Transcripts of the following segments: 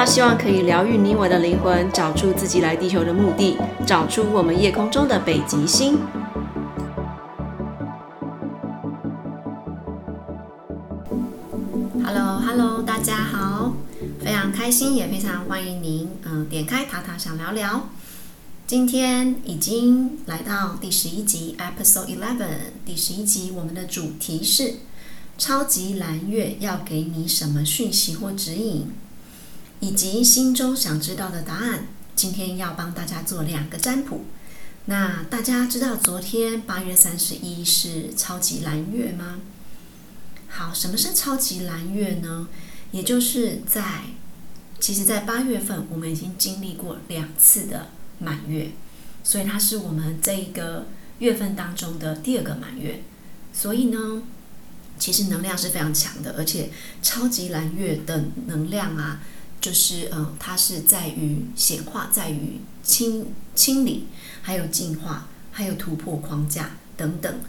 那希望可以療癒你我的靈魂，找出自己來地球的目的，找出我們夜空中的北極星。哈嘍哈嘍，大家好，非常開心，也非常歡迎您，嗯、呃，點開塔塔想聊聊。今天已經來到第十一集，Episode Eleven，第十一集我們的主題是超級藍月要給你什麼訊息或指引？以及心中想知道的答案，今天要幫大家做兩個占卜。那大家知道昨天八月三十一日是超級藍月嗎？好，什麼是超級藍月呢？也就是在，其實，在八月份我們已經經歷過兩次的滿月，所以它是我們這一個月份當中的第二個滿月。所以呢，其實能量是非常強的，而且超級藍月的能量啊。就是嗯、呃，它是在於顯化，在於清清理，還有淨化，還有突破框架等等。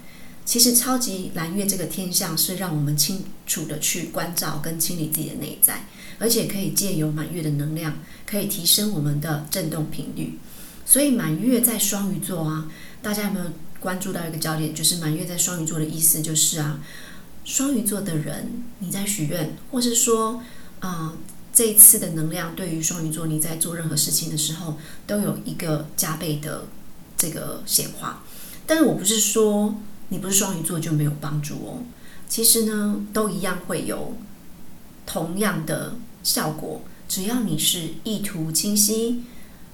其實超級藍月這個天象是讓我們清楚的去觀照跟清理自己的內在，而且可以借由滿月的能量，可以提升我們的振動頻率。所以滿月在雙魚座啊，大家有沒有關注到一個焦點？就是滿月在雙魚座的意思就是啊，雙魚座的人你在許願，或是說嗯。呃這一次的能量對於雙魚座，你在做任何事情的時候都有一個加倍的這個顯化。但是我不是說你不是雙魚座就沒有幫助哦，其實呢都一樣會有同樣的效果。只要你是意圖清晰、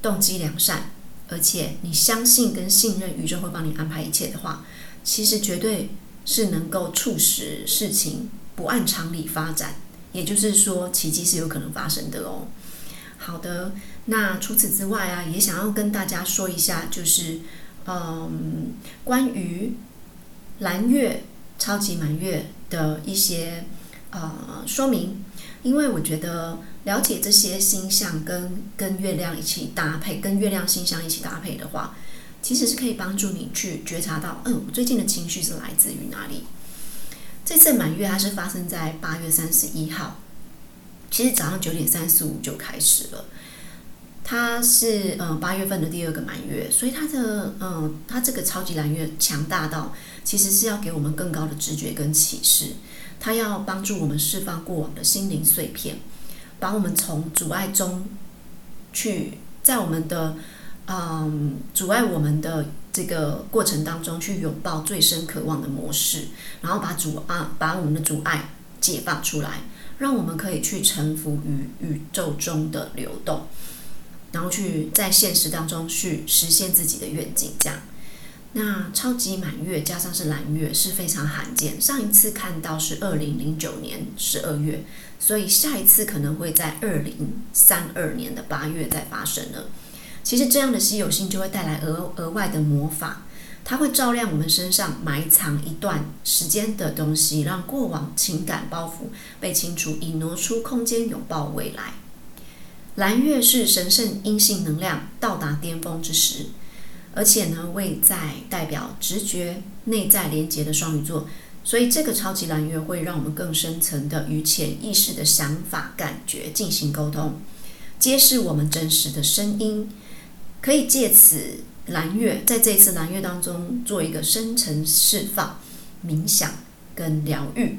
動機良善，而且你相信跟信任宇宙會幫你安排一切的話，其實絕對是能夠促使事情不按常理發展。也就是說，奇蹟是有可能發生的哦。好的，那除此之外啊，也想要跟大家說一下，就是，嗯，關於藍月超級滿月的一些呃說明，因為我覺得了解這些星象跟跟月亮一起搭配，跟月亮星象一起搭配的話，其實是可以幫助你去覺察到，嗯，我最近的情緒是來自於哪裡。這次滿月它是發生在八月三十一號，其實早上九點三十五就開始了。它是呃八、嗯、月份的第二個滿月，所以它的呃、嗯、它這個超級藍月強大到，其實是要給我們更高的直覺跟啟示，它要幫助我們釋放過往的心靈碎片，把我們從阻礙中去，在我們的嗯阻礙我們的。這個過程當中，去擁抱最深渴望的模式，然後把阻礙、啊、把我們的阻礙解放出來，讓我們可以去臣服於宇宙中的流動，然後去在現實當中去實現自己的願景。這樣，那超級滿月加上是藍月是非常罕見，上一次看到是二零零九年十二月，所以下一次可能會在二零三二年的八月再發生了。其實這樣的稀有性就會帶來額額外的魔法，它會照亮我們身上埋藏一段時間的東西，讓過往情感包袱被清除，以挪出空間擁抱未來。藍月是神聖陰性能量到達巔峰之時，而且呢，位在代表直覺、內在連接的雙魚座，所以這個超級藍月會讓我們更深層的與潛意識的想法、感覺進行溝通，揭示我們真實的聲音。可以借此藍月，在這一次藍月當中做一個深層釋放、冥想跟療癒。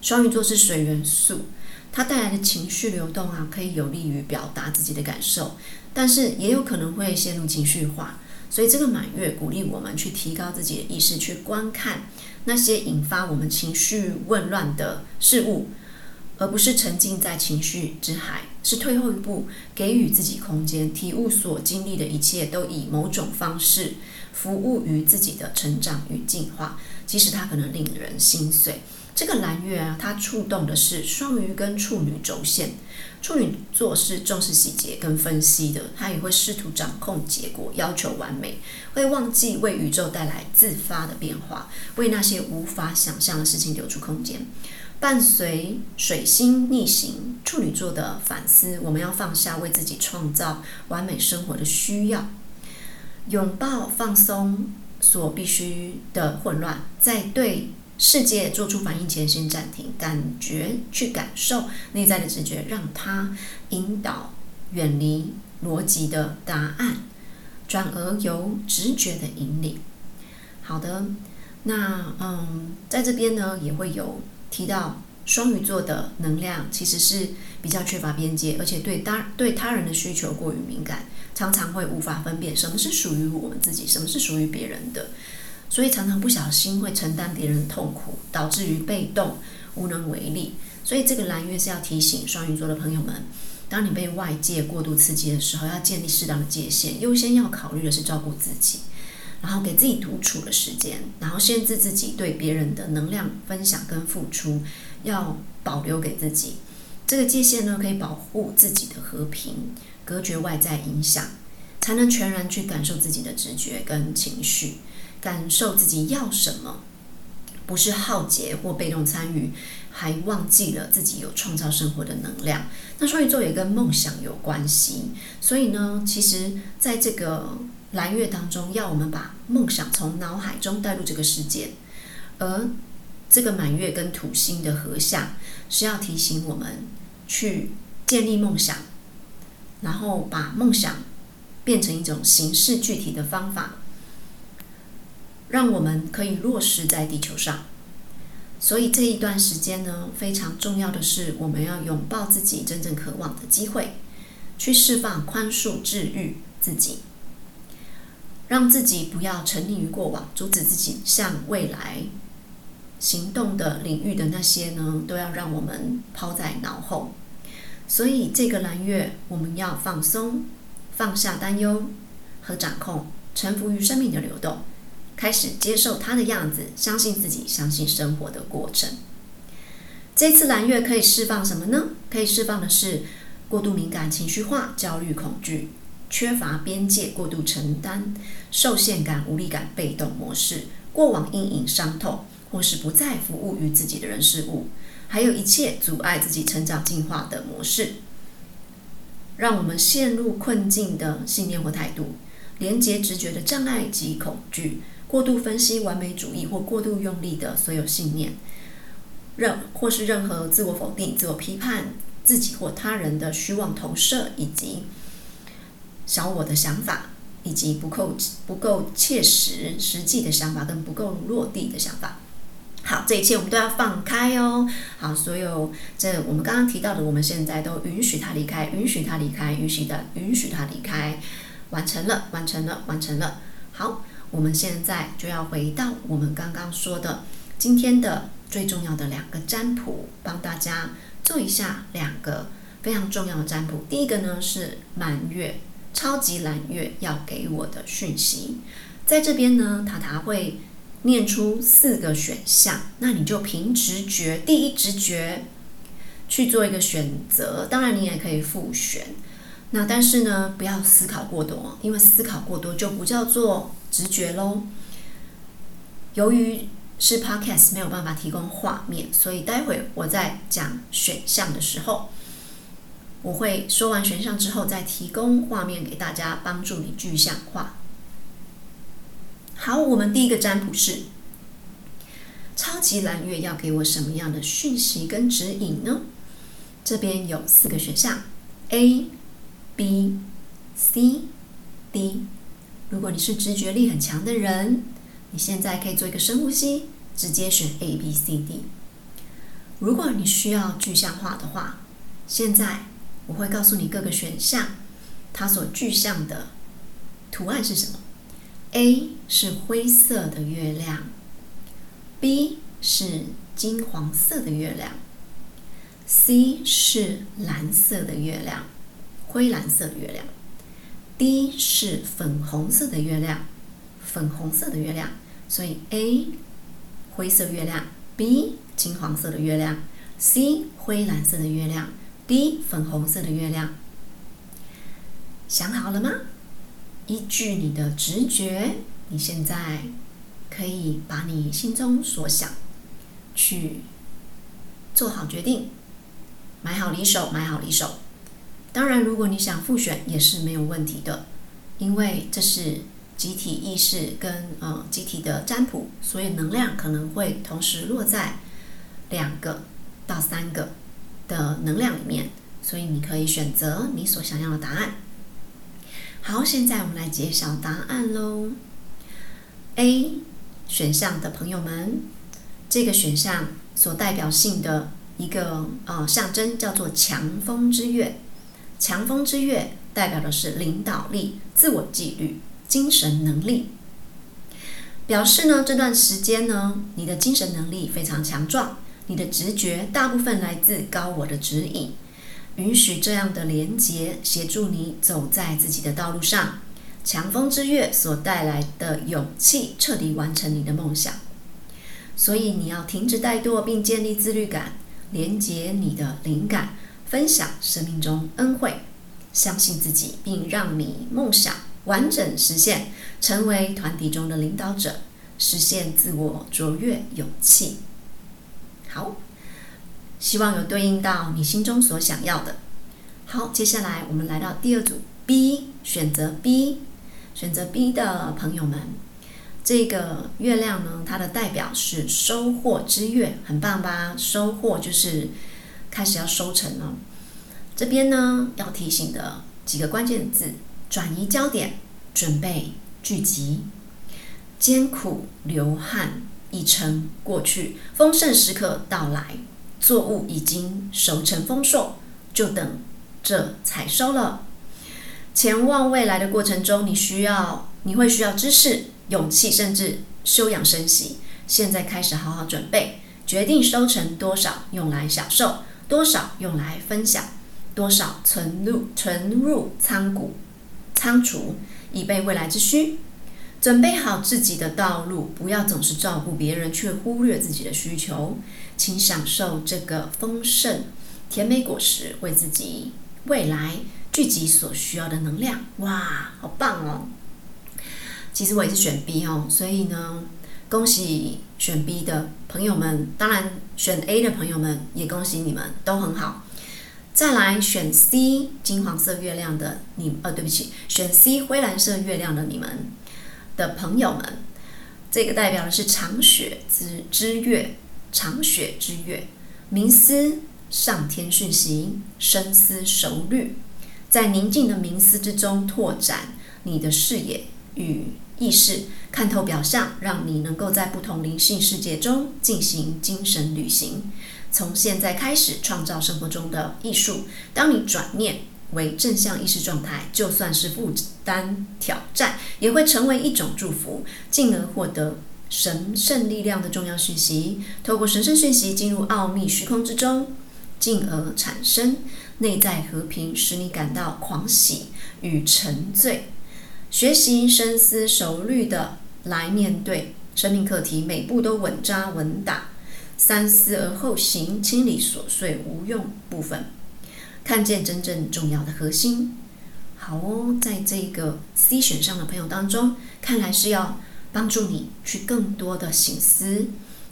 雙魚座是水元素，它帶來的情緒流動啊，可以有利於表達自己的感受，但是也有可能會陷入情緒化。所以這個滿月鼓勵我們去提高自己的意識，去觀看那些引發我們情緒紊亂的事物。而不是沉浸在情緒之海，是退後一步，給予自己空間，體悟所經歷的一切都以某種方式服務於自己的成長與進化，即使它可能令人心碎。這個藍月啊，它觸動的是雙魚跟處女軸線。處女座是重視細節跟分析的，它也會試圖掌控結果，要求完美，會忘記為宇宙帶來自發的變化，為那些無法想象的事情留出空間。伴隨水星逆行，處女座的反思，我們要放下為自己創造完美生活的需要，擁抱放鬆所必須的混亂，在對世界做出反應前先暫停，感覺去感受內在的直覺，讓它引導遠離邏輯的答案，轉而由直覺的引領。好的，那嗯，在這邊呢，也會有。提到雙魚座的能量其實是比較缺乏邊界，而且對他對他人的需求過於敏感，常常會無法分辨什麼是屬於我們自己，什麼是屬於別人的，所以常常不小心會承擔別人的痛苦，導致於被動無能為力。所以這個藍月是要提醒雙魚座的朋友們，當你被外界過度刺激的時候，要建立適當的界限，優先要考慮的是照顧自己。然後給自己獨處的時間，然後限制自己對別人的能量分享跟付出，要保留給自己。這個界限呢，可以保護自己的和平，隔絕外在影響，才能全然去感受自己的直覺跟情緒，感受自己要什麼，不是耗竭或被動參與，還忘記了自己有創造生活的能量。那雙魚座也跟夢想有關係，所以呢，其實在這個。藍月當中，要我們把夢想從腦海中帶入這個世界，而這個滿月跟土星的合相是要提醒我們去建立夢想，然後把夢想變成一種形式具體的方法，讓我們可以落實在地球上。所以這一段時間呢，非常重要的是，我們要擁抱自己真正渴望的機會，去釋放、寬恕、治癒自己。讓自己不要沉溺於過往，阻止自己向未來行動的領域的那些呢，都要讓我們拋在腦後。所以這個藍月，我們要放鬆，放下擔憂和掌控，臣服於生命的流動，開始接受它的樣子，相信自己，相信生活的過程。這次藍月可以釋放什麼呢？可以釋放的是過度敏感、情緒化、焦慮、恐懼。缺乏邊界、過度承擔、受限感、無力感、被動模式、過往陰影、傷痛，或是不再服務於自己的人事物，還有一切阻礙自己成長進化的模式，讓我們陷入困境的信念或態度，連接直覺的障礙及恐懼，過度分析、完美主義或過度用力的所有信念，任或是任何自我否定、自我批判自己或他人的虛妄投射，以及，小我的想法，以及不夠不夠切實實際的想法，跟不夠落地的想法。好，這一切我們都要放開哦。好，所有這我們剛剛提到的，我們現在都允許他離開，允許他離開，允許的，允許他離開，完成了，完成了，完成了。好，我們現在就要回到我們剛剛說的今天的最重要的兩個占卜，幫大家做一下兩個非常重要的占卜。第一個呢是滿月。超級藍月要給我的訊息，在這邊呢，塔塔會念出四個選項，那你就憑直覺，第一直覺去做一個選擇。當然，你也可以複選。那但是呢，不要思考過多，因為思考過多就不叫做直覺嘍。由於是 podcast 沒有辦法提供畫面，所以待會我在講選項的時候。我會說完選項之後，再提供畫面給大家，幫助你具象化。好，我們第一個占卜是超級藍月要給我什麼樣的訊息跟指引呢？這邊有四個選項：A、B、C、D。如果你是直覺力很強的人，你現在可以做一個深呼吸，直接選 A、B、C、D。如果你需要具象化的話，現在。我會告訴你各個選項，它所具象的圖案是什麼。A 是灰色的月亮，B 是金黃色的月亮，C 是藍色的月亮，灰藍色的月亮，D 是粉紅色的月亮，粉紅色的月亮。所以 A 灰色月亮，B 金黃色的月亮，C 灰藍色的月亮。第一，D, 粉紅色的月亮，想好了嗎？依據你的直覺，你現在可以把你心中所想去做好決定，買好離手，買好離手。當然，如果你想複選也是沒有問題的，因為這是集體意識跟呃集體的占卜，所以能量可能會同時落在兩個到三個。的能量裡面，所以你可以選擇你所想要的答案。好，現在我們來揭曉答案嘍。A 選項的朋友們，這個選項所代表性的一個呃象徵叫做“強風之月”。強風之月代表的是領導力、自我紀律、精神能力，表示呢這段時間呢，你的精神能力非常強壯。你的直覺大部分來自高我的指引，允許這樣的連接協助你走在自己的道路上。強風之月所帶來的勇氣，徹底完成你的夢想。所以你要停止怠惰，並建立自律感，連接你的靈感，分享生命中恩惠，相信自己，並讓你夢想完整實現，成為團體中的領導者，實現自我卓越勇氣。好，希望有對應到你心中所想要的。好，接下來我們來到第二組 B，選擇 B，選擇 B 的朋友們，這個月亮呢，它的代表是收穫之月，很棒吧？收穫就是開始要收成了。這邊呢，要提醒的幾個關鍵字：轉移焦點、準備、聚集、艱苦、流汗。已成過去，豐盛時刻到來，作物已經熟成豐碩，就等著採收了。前往未來的過程中，你需要，你會需要知識、勇氣，甚至休養生息。現在開始好好準備，決定收成多少，用來享受，多少用來分享，多少存入存入倉谷倉儲，以備未來之需。準備好自己的道路，不要總是照顧別人，卻忽略自己的需求。請享受這個豐盛甜美果實，為自己未來聚集所需要的能量。哇，好棒哦！其實我也是選 B 哦，所以呢，恭喜選 B 的朋友們，當然選 A 的朋友們也恭喜你們，都很好。再來選 C 金黃色月亮的你，呃、哦，對不起，選 C 灰藍色月亮的你們。的朋友們，這個代表的是長雪之之月，長雪之月，冥思上天訊息，深思熟慮，在寧靜的冥思之中拓展你的視野與意識，看透表象，讓你能夠在不同靈性世界中進行精神旅行。從現在開始，創造生活中的藝術。當你轉念，為正向意識狀態，就算是負擔挑戰，也會成為一種祝福，進而獲得神聖力量的重要訊息。透過神聖訊息進入奧秘虛空之中，進而產生內在和平，使你感到狂喜與沉醉。學習深思熟慮的來面對生命課題，每步都穩紮穩打，三思而後行，清理瑣碎無用部分。看見真正重要的核心，好哦。在這個 C 選項的朋友當中，看來是要幫助你去更多的省思，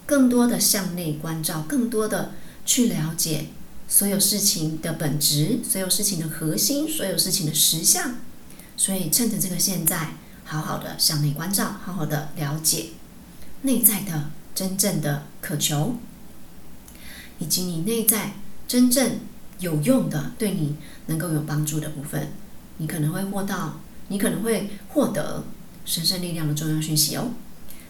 更多的向內關照，更多的去了解所有事情的本質、所有事情的核心、所有事情的實相。所以，趁着這個現在，好好的向內關照，好好的了解內在的真正的渴求，以及你內在真正。有用的，對你能夠有幫助的部分，你可能會獲到，你可能會獲得神聖力量的重要訊息哦。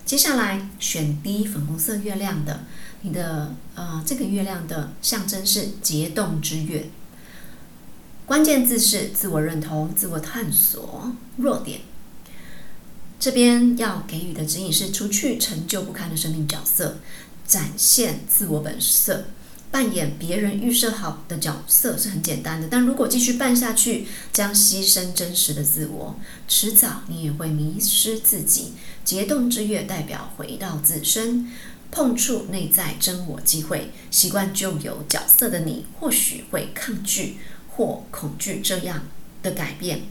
接下來選 D 粉紅色月亮的，你的呃這個月亮的象徵是解凍之月，關鍵字是自我認同、自我探索、弱點。這邊要給予的指引是：除去陳舊不堪的生命角色，展現自我本色。扮演別人預設好的角色是很簡單的，但如果繼續扮下去，將犧牲真實的自我，遲早你也會迷失自己。解凍之月代表回到自身，碰觸內在真我機會。習慣舊有角色的你，或許會抗拒或恐懼這樣的改變。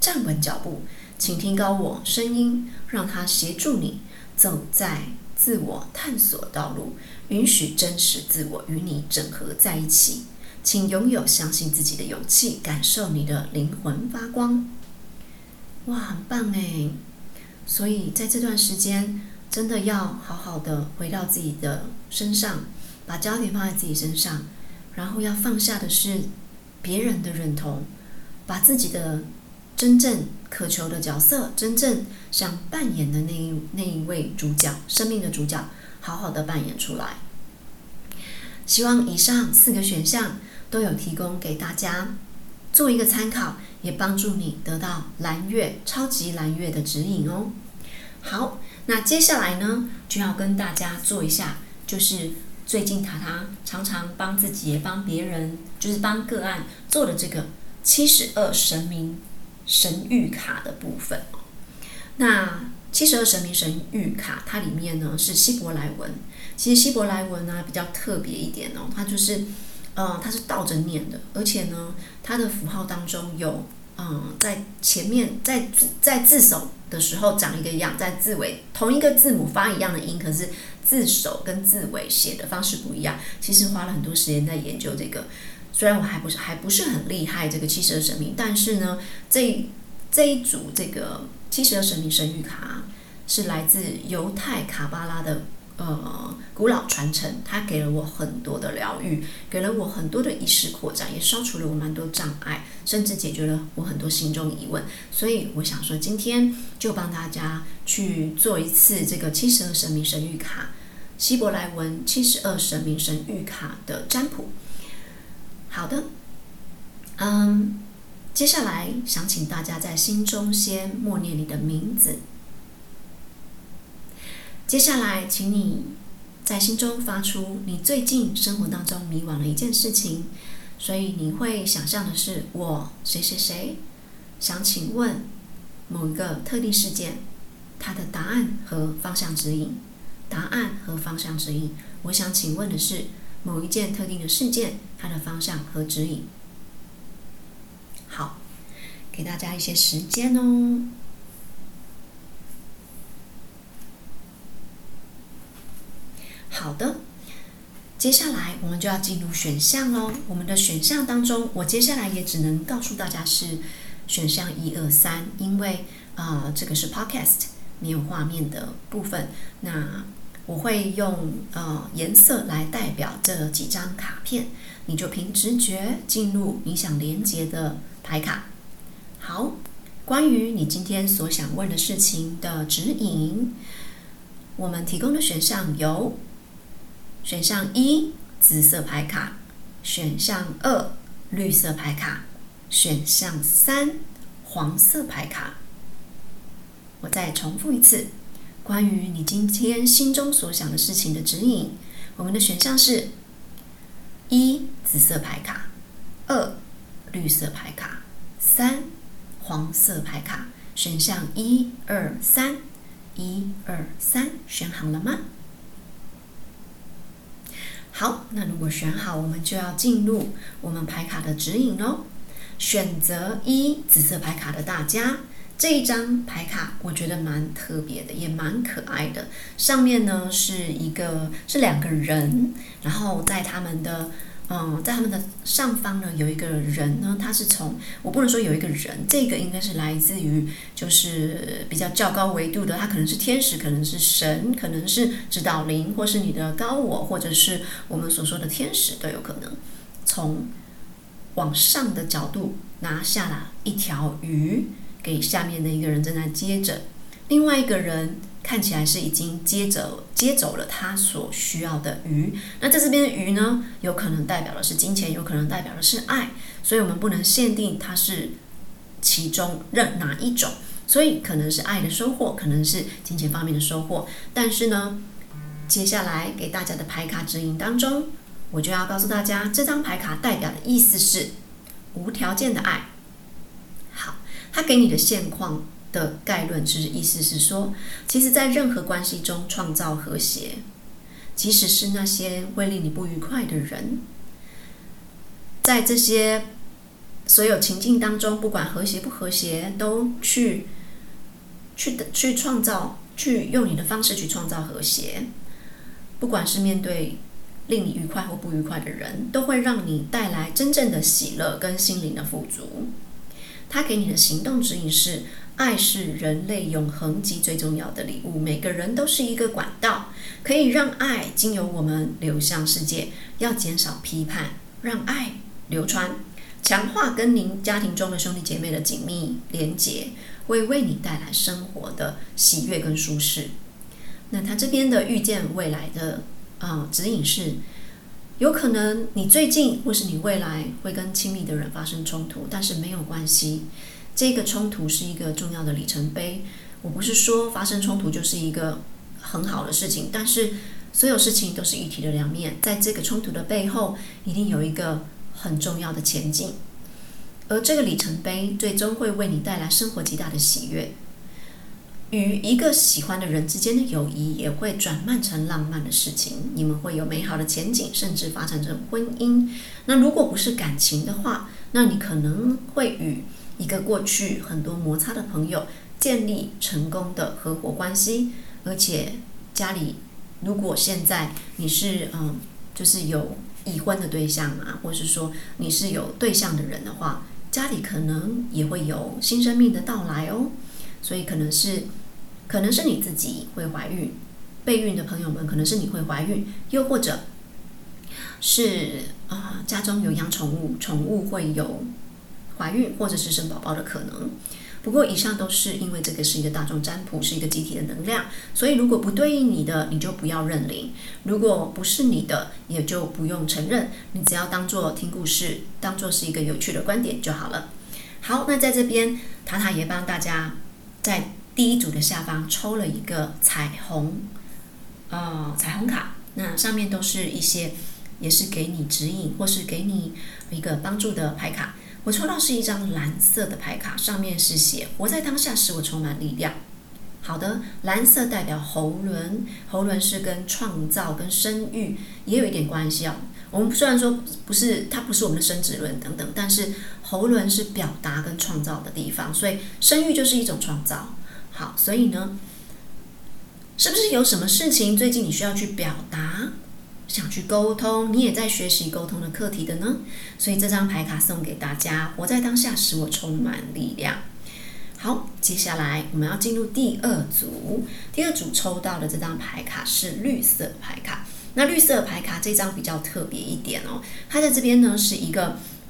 站穩腳步，請聽高我聲音，讓他協助你走在自我探索道路。允許真實自我與你整合在一起，請擁有相信自己的勇氣，感受你的靈魂發光。哇，很棒欸！所以在這段時間，真的要好好的回到自己的身上，把焦點放在自己身上，然後要放下的是別人的認同，把自己的真正渴求的角色，真正想扮演的那一那一位主角，生命的主角。好好的扮演出來。希望以上四個選項都有提供給大家做一個參考，也幫助你得到藍月超級藍月的指引哦。好，那接下來呢，就要跟大家做一下，就是最近塔塔常常幫自己也幫別人，就是幫個案做的這個七十二神明神諭卡的部分。那七十二神明神諭卡，它裡面呢是希伯來文。其實希伯來文呢、啊、比較特別一點哦、喔，它就是，呃、它是倒着念的，而且呢，它的符號當中有，嗯、呃，在前面在在字首的時候長一個樣，在字尾同一個字母發一樣的音，可是字首跟字尾寫的方式不一樣。其實花了很多時間在研究這個，雖然我還不是還不是很厲害這個七十二神明，但是呢，這一這一組這個。七十二神明神諭卡是來自猶太卡巴拉的呃古老傳承，它給了我很多的療癒，給了我很多的意識擴展，也消除了我蠻多障礙，甚至解決了我很多心中疑問。所以我想說，今天就幫大家去做一次這個七十二神明神諭卡，希伯來文七十二神明神諭卡的占卜。好的，嗯。接下來，想請大家在心中先默念你的名字。接下來，請你在心中發出你最近生活當中迷惘的一件事情，所以你會想象的是我誰誰誰。想請問某一個特定事件，它的答案和方向指引。答案和方向指引，我想請問的是某一件特定的事件，它的方向和指引。給大家一些時間哦。好的，接下來我們就要進入選項嘍。我們的選項當中，我接下來也只能告訴大家是選項一二三，因為啊，呃，這個是 podcast 沒有畫面的部分。那我會用，呃，顏色來代表這幾張卡片，你就憑直覺進入你想連接的牌卡。好，關於你今天所想問的事情的指引，我們提供的選項有：選項一，紫色牌卡；選項二，綠色牌卡；選項三，黃色牌卡。我再重複一次：關於你今天心中所想的事情的指引，我們的選項是：一，紫色牌卡；二，綠色牌卡；三。黃色牌卡。選項一二三，一二三，選好了嗎？好，那如果選好，我們就要進入我們牌卡的指引哦。選擇一紫色牌卡的大家，這一張牌卡我覺得蠻特別的，也蠻可愛的。上面呢，是一個是兩個人，然後在他們的。嗯，在他們的上方呢，有一個人呢，他是從我不能說有一個人，這個應該是來自於就是比較較高維度的，他可能是天使，可能是神，可能是指導靈，或是你的高我，或者是我們所說的天使都有可能。從往上的角度拿下了一條魚，給下面的一個人正在那接着。另外一個人看起來是已經接走接走了他所需要的魚，那在這邊的魚呢，有可能代表的是金錢，有可能代表的是愛，所以我們不能限定它是其中任哪一種，所以可能是愛的收穫，可能是金錢方面的收穫。但是呢，接下來給大家的牌卡指引當中，我就要告訴大家這張牌卡代表的意思是無條件的愛。好，它給你的現況。的概論其實意思是說，其實，在任何關係中創造和諧，即使是那些會令你不愉快的人，在這些所有情境當中，不管和諧不和諧，都去去的去創造，去用你的方式去創造和諧。不管是面對令你愉快或不愉快的人，都會讓你帶來真正的喜樂跟心靈的富足。他給你的行動指引是。愛是人類永恆及最重要的禮物。每個人都是一個管道，可以讓愛經由我們流向世界。要減少批判，讓愛流傳。強化跟您家庭中的兄弟姐妹的緊密連結，會為你帶來生活的喜悅跟舒適。那他這邊的預見未來的啊指引是，有可能你最近或是你未來會跟親密的人發生衝突，但是沒有關係。這個衝突是一個重要的里程碑。我不是說發生衝突就是一個很好的事情，但是所有事情都是一體的兩面。在這個衝突的背後，一定有一個很重要的前景，而這個里程碑最終會為你帶來生活極大的喜悅。與一個喜歡的人之間的友誼也會轉變成浪漫的事情，你們會有美好的前景，甚至發展成婚姻。那如果不是感情的話，那你可能會與一個過去很多摩擦的朋友建立成功的合夥關係，而且家裡如果現在你是嗯，就是有已婚的對象啊，或是說你是有對象的人的話，家裡可能也會有新生命的到來哦。所以可能是可能是你自己會懷孕，備孕的朋友們可能是你會懷孕，又或者是啊，哦，家中有養寵物，寵物會有。懷孕或者是生寶寶的可能，不過以上都是因為這個是一個大眾占卜，是一個集體的能量，所以如果不對應你的，你就不要認領；如果不是你的，也就不用承認。你只要當做聽故事，當做是一個有趣的觀點就好了。好，那在這邊，塔塔也幫大家在第一組的下方抽了一個彩虹，呃，彩虹卡，那上面都是一些也是給你指引或是給你一個幫助的牌卡。我抽到是一張藍色的牌卡，上面是寫“活在當下，使我充滿力量”。好的，藍色代表喉輪，喉輪是跟創造跟生育也有一點關係啊、哦。我們雖然說不是它不是我們的生殖輪等等，但是喉輪是表達跟創造的地方，所以生育就是一種創造。好，所以呢，是不是有什麼事情最近你需要去表達？想去溝通，你也在學習溝通的課題的呢？所以這張牌卡送給大家。活在當下，使我充滿力量。好，接下來我們要進入第二組。第二組抽到的這張牌卡是綠色牌卡。那綠色牌卡這張比較特別一點哦，它在這邊呢是一個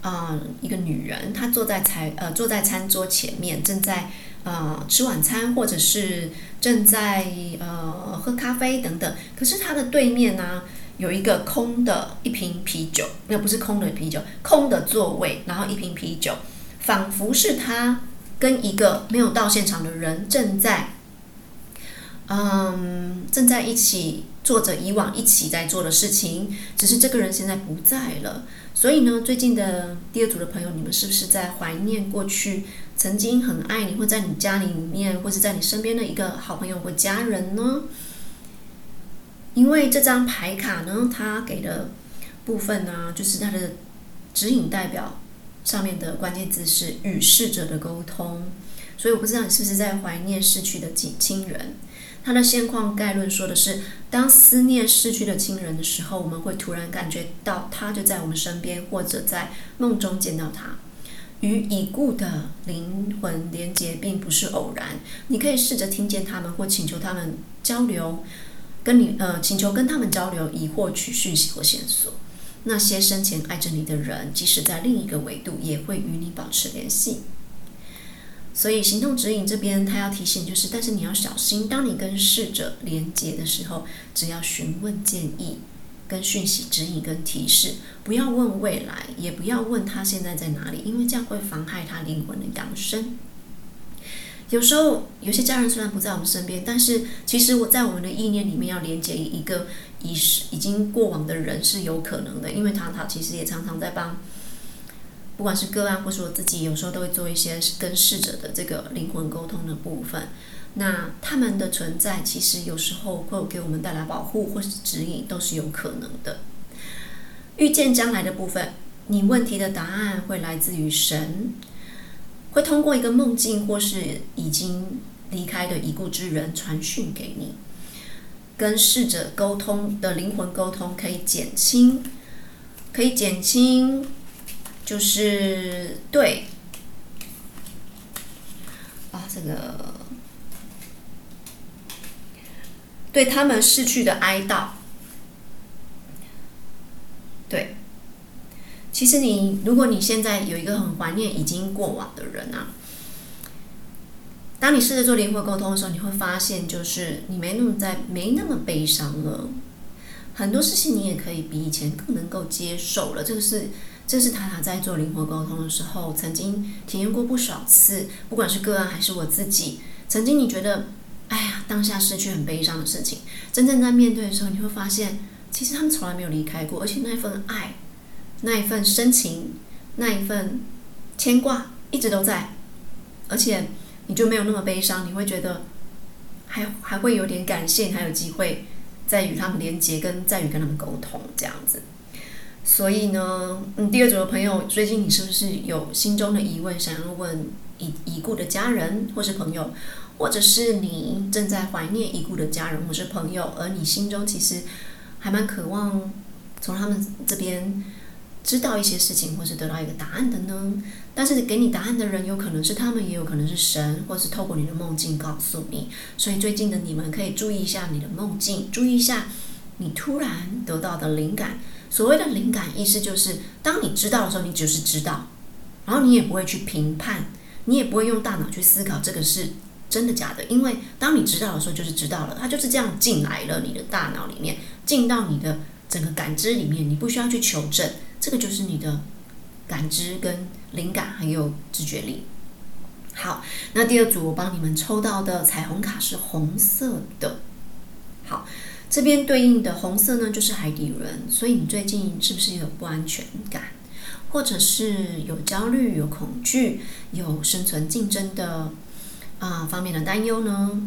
啊、呃、一個女人，她坐在餐，呃，坐在餐桌前面，正在啊、呃、吃晚餐或者是正在呃喝咖啡等等。可是她的對面呢？有一個空的一瓶啤酒，那不是空的啤酒，空的座位，然後一瓶啤酒，仿佛是他跟一個沒有到現場的人正在，嗯，正在一起做着以往一起在做的事情，只是這個人現在不在了。所以呢，最近的第二組的朋友，你們是不是在懷念過去曾經很愛你，或在你家裡裡面，或是在你身邊的一個好朋友或家人呢？因為這張牌卡呢，它給的部分呢，啊，就是它的指引代表上面的關鍵字是與逝者的溝通，所以我不知道你是不是在懷念逝去的親親人。它的現況概論說的是，當思念逝去的親人的時候，我們會突然感覺到他就在我們身邊，或者在夢中見到他。與已故的靈魂連接並不是偶然，你可以試着聽見他們，或請求他們交流。跟你呃，請求跟他們交流，以獲取訊息或線索。那些生前愛着你的人，即使在另一個維度，也會與你保持聯繫。所以行動指引這邊，他要提醒就是，但是你要小心，當你跟逝者連接的時候，只要詢問建議、跟訊息指引、跟提示，不要問未來，也不要問他現在在哪裡，因為這樣會妨害他靈魂的揚升。有時候有些家人雖然不在我們身邊，但是其實我在我們的意念裡面要連接一個已是已經過往的人是有可能的，因為塔塔其實也常常在幫，不管是個案或是我自己，有時候都會做一些跟逝者的這個靈魂溝通的部分。那他們的存在其實有時候會給我們帶來保護或是指引，都是有可能的。預見將來的部分，你問題的答案會來自於神。會通過一個夢境，或是已經離開的已故之人傳訊給你，跟逝者溝通的靈魂溝通，可以減輕，可以減輕，就是對，啊、哦，這個對他們逝去的哀悼，對。其實你，如果你現在有一個很懷念已經過往的人啊，當你試着做靈魂溝通的時候，你會發現，就是你沒那麼在，沒那麼悲傷了。很多事情你也可以比以前更能夠接受了。這個是，這是塔塔在做靈魂溝通的時候曾經體驗過不少次。不管是個案還是我自己，曾經你覺得，哎呀，當下失去很悲傷的事情，真正在面對的時候，你會發現，其實他們從來沒有離開過，而且那份愛。那一份深情，那一份牽掛，一直都在，而且你就沒有那麼悲傷，你會覺得還還會有點感謝，還有機會再與他們連接，跟再與跟他們溝通這樣子。所以呢，嗯，第二組的朋友，最近你是不是有心中的疑問，想要問已已故的家人或是朋友，或者是你正在懷念已故的家人或是朋友，而你心中其實還蠻渴望從他們這邊。知道一些事情，或是得到一個答案的呢？但是給你答案的人有可能是他們，也有可能是神，或是透過你的夢境告訴你。所以最近的你們可以注意一下你的夢境，注意一下你突然得到的靈感。所謂的靈感，意思就是當你知道的時候，你就是知道，然後你也不會去評判，你也不會用大腦去思考這個是真的假的。因為當你知道的時候，就是知道了，它就是這樣進來了你的大腦裡面，進到你的整個感知裡面，你不需要去求證。這個就是你的感知、跟靈感還有直覺力。好，那第二組我幫你們抽到的彩虹卡是紅色的。好，這邊對應的紅色呢，就是海底輪。所以你最近是不是有不安全感，或者是有焦慮、有恐懼、有生存競爭的啊、呃、方面的擔憂呢？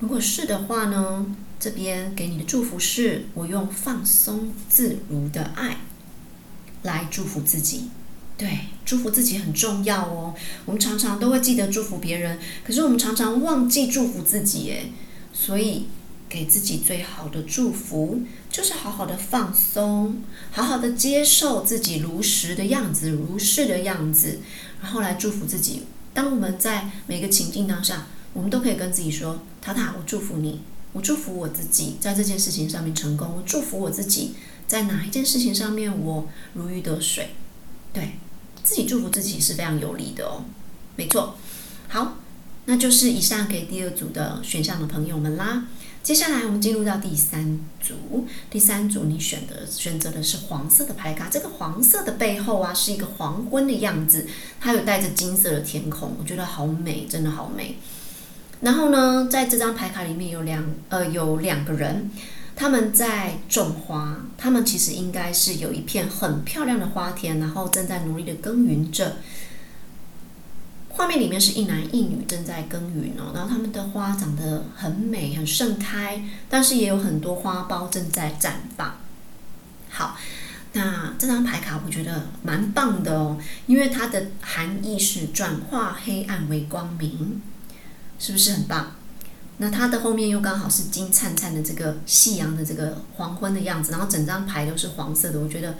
如果是的話呢，這邊給你的祝福是我用放鬆自如的愛。來祝福自己，對，祝福自己很重要哦。我們常常都會記得祝福別人，可是我們常常忘記祝福自己，哎。所以，給自己最好的祝福，就是好好的放鬆，好好的接受自己如實的樣子，如是的樣子，然後來祝福自己。當我們在每個情境當下，我們都可以跟自己說：“塔塔，我祝福你，我祝福我自己，在這件事情上面成功，我祝福我自己。”在哪一件事情上面我如魚得水？對，自己祝福自己是非常有利的哦，沒錯。好，那就是以上給第二組的選項的朋友們啦。接下來我們進入到第三組，第三組你選的選擇的是黃色的牌卡。這個黃色的背後啊，是一個黃昏的樣子，它有帶着金色的天空，我覺得好美，真的好美。然後呢，在這張牌卡裡面有兩呃有兩個人。他們在種花，他們其實應該是有一片很漂亮的花田，然後正在努力的耕耘着。畫面裡面是一男一女正在耕耘哦，然後他們的花長得很美，很盛開，但是也有很多花苞正在綻放。好，那這張牌卡我覺得蠻棒的哦，因為它的含義是轉化黑暗為光明，是不是很棒？那它的後面又剛好是金燦燦的這個夕陽的這個黃昏的樣子，然後整張牌都是黃色的，我覺得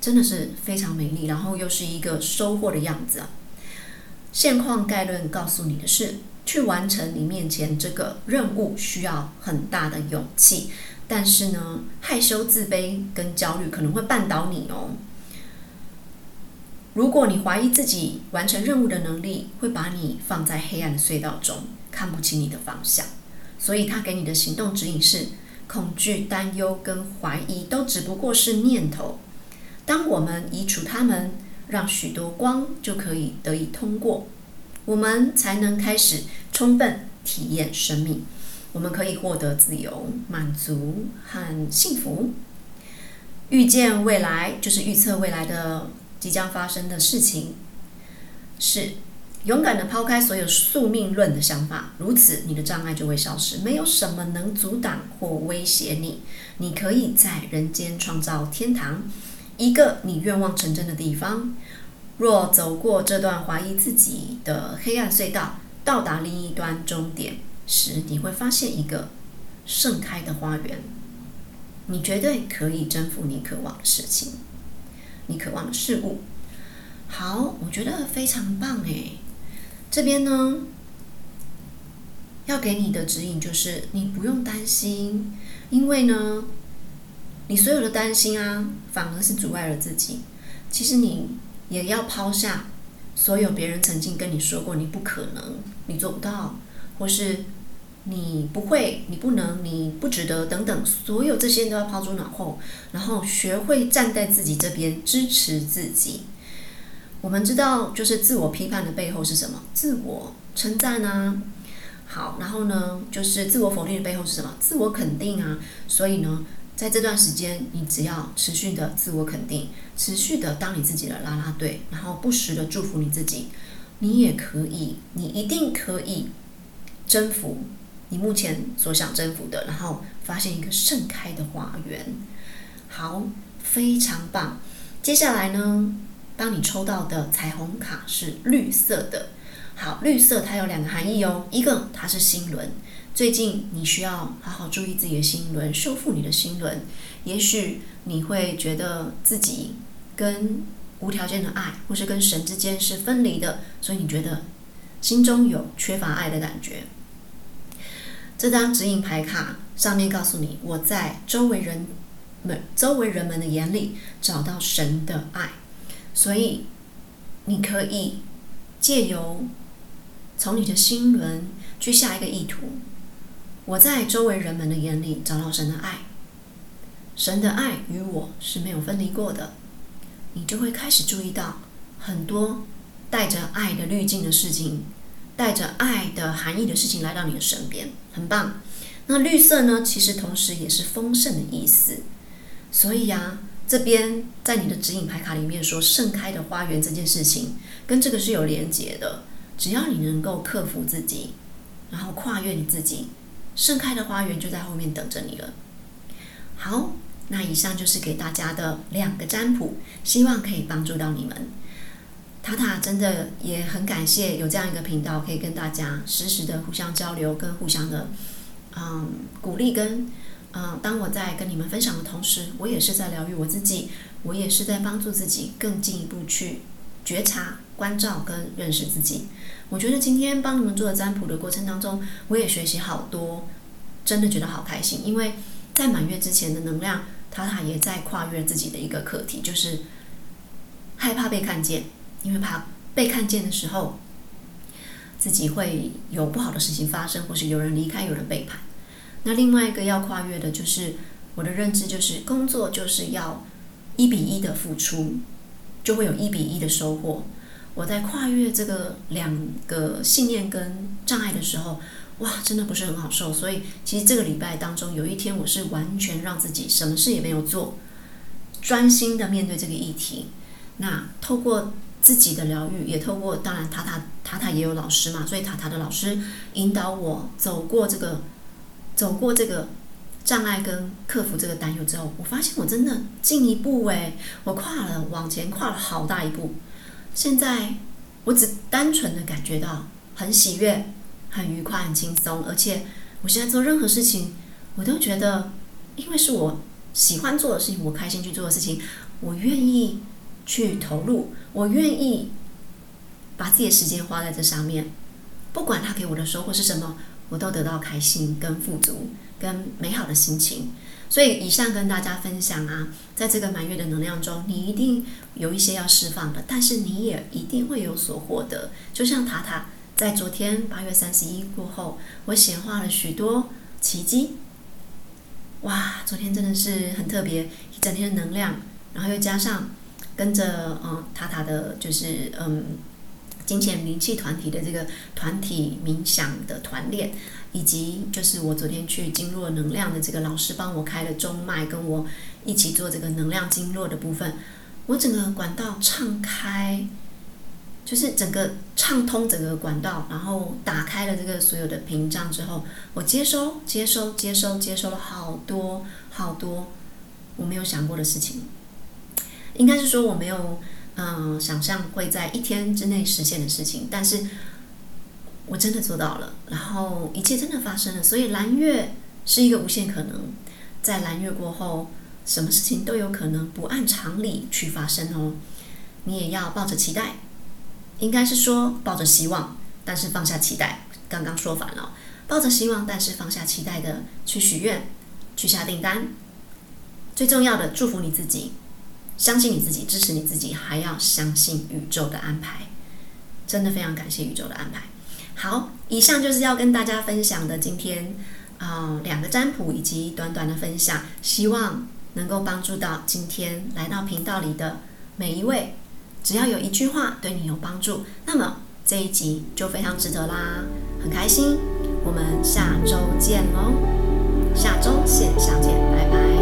真的是非常美麗。然後又是一個收穫的樣子啊。現況概論告訴你的是，去完成你面前這個任務需要很大的勇氣，但是呢，害羞、自卑跟焦慮可能會絆倒你哦。如果你懷疑自己完成任務的能力，會把你放在黑暗的隧道中。看不清你的方向，所以他給你的行動指引是：恐懼、擔憂跟懷疑都只不過是念頭。當我們移除它們，讓許多光就可以得以通過，我們才能開始充分體驗生命。我們可以獲得自由、滿足和幸福。遇見未來就是預測未來的即將發生的事情，是。勇敢地拋開所有宿命論的想法，如此你的障礙就會消失，沒有什麼能阻擋或威脅你。你可以在人間創造天堂，一個你願望成真的地方。若走過這段懷疑自己的黑暗隧道，到達另一端終點時，你會發現一個盛開的花園。你絕對可以征服你渴望的事情，你渴望的事物。好，我覺得非常棒哎、欸。這邊呢，要給你的指引就是，你不用擔心，因為呢，你所有的擔心啊，反而是阻礙了自己。其實你也要拋下所有別人曾經跟你說過你不可能、你做不到，或是你不會、你不能、你不值得等等，所有這些都要拋諸腦後，然後學會站在自己這邊，支持自己。我們知道，就是自我批判的背後是什麼？自我稱讚呢、啊？好，然後呢，就是自我否定的背後是什麼？自我肯定啊。所以呢，在這段時間，你只要持續的自我肯定，持續的當你自己的拉拉隊，然後不時的祝福你自己，你也可以，你一定可以征服你目前所想征服的，然後發現一個盛開的花園。好，非常棒。接下來呢？當你抽到的彩虹卡是綠色的，好，綠色它有兩個含義哦，一個它是心輪，最近你需要好好注意自己的心輪，修復你的心輪。也許你會覺得自己跟無條件的愛或是跟神之間是分離的，所以你覺得心中有缺乏愛的感覺。這張指引牌卡上面告訴你，我在周圍人們周圍人們的眼裡找到神的愛。所以，你可以借由從你的心輪去下一個意圖。我在周圍人們的眼裡找到神的愛，神的愛與我是沒有分離過的。你就會開始注意到很多帶着愛的濾鏡的事情，帶着愛的含義的事情來到你的身邊，很棒。那綠色呢？其實同時也是豐盛的意思。所以呀。這邊在你的指引牌卡裡面說“盛開的花園”這件事情，跟這個是有連接的。只要你能夠克服自己，然後跨越你自己，盛開的花園就在後面等着你了。好，那以上就是給大家的兩個占卜，希望可以幫助到你們。塔塔真的也很感謝有這樣一個頻道，可以跟大家實時的互相交流跟互相的，嗯，鼓勵跟。嗯，當我在跟你們分享的同時，我也是在療癒我自己，我也是在幫助自己更進一步去覺察、關照跟認識自己。我覺得今天幫你們做的占卜的過程當中，我也學習好多，真的覺得好開心。因為在滿月之前的能量，它它也在跨越自己的一個課題，就是害怕被看見，因為怕被看見的時候，自己會有不好的事情發生，或是有人離開，有人背叛。那另外一個要跨越的就是我的認知，就是工作就是要一比一的付出，就會有一比一的收穫。我在跨越這個兩個信念跟障礙的時候，哇，真的不是很好受。所以其實這個禮拜當中有一天，我是完全讓自己什麼事也沒有做，專心的面對這個議題。那透過自己的療癒，也透過當然塔塔塔塔也有老師嘛，所以塔塔的老師引導我走過這個。走過這個障礙，跟克服這個擔憂之後，我發現我真的進一步欸，我跨了，往前跨了好大一步。現在我只單純的感覺到很喜悅、很愉快、很輕鬆，而且我現在做任何事情，我都覺得，因為是我喜歡做的事情，我開心去做的事情，我願意去投入，我願意把自己的時間花在這上面，不管他給我的收穫是什麼。我都得到開心、跟富足、跟美好的心情，所以以上跟大家分享啊，在這個滿月的能量中，你一定有一些要釋放的，但是你也一定會有所獲得。就像塔塔在昨天八月三十一過後，我顯化了許多奇蹟。哇，昨天真的是很特別，一整天的能量，然後又加上跟着嗯塔塔的，就是嗯。金錢靈氣團體的這個團體冥想的團練，以及就是我昨天去經絡能量的這個老師幫我開了中脈，跟我一起做這個能量經絡的部分，我整個管道敞開，就是整個暢通整個管道，然後打開了這個所有的屏障之後，我接收接收接收接收了好多好多我沒有想過的事情，應該是說我沒有。嗯，想象會在一天之內實現的事情，但是我真的做到了，然後一切真的發生了。所以藍月是一個無限可能，在藍月過後，什麼事情都有可能不按常理去發生哦。你也要抱着期待，應該是說抱着希望，但是放下期待。剛剛說反了，抱着希望，但是放下期待的去許願，去下訂單。最重要的，祝福你自己。相信你自己，支持你自己，還要相信宇宙的安排。真的非常感謝宇宙的安排。好，以上就是要跟大家分享的今天啊、呃、兩個占卜以及短短的分享，希望能夠幫助到今天來到頻道裡的每一位。只要有一句話對你有幫助，那麼這一集就非常值得啦。很開心，我們下周見嘍，下周線上見，拜拜。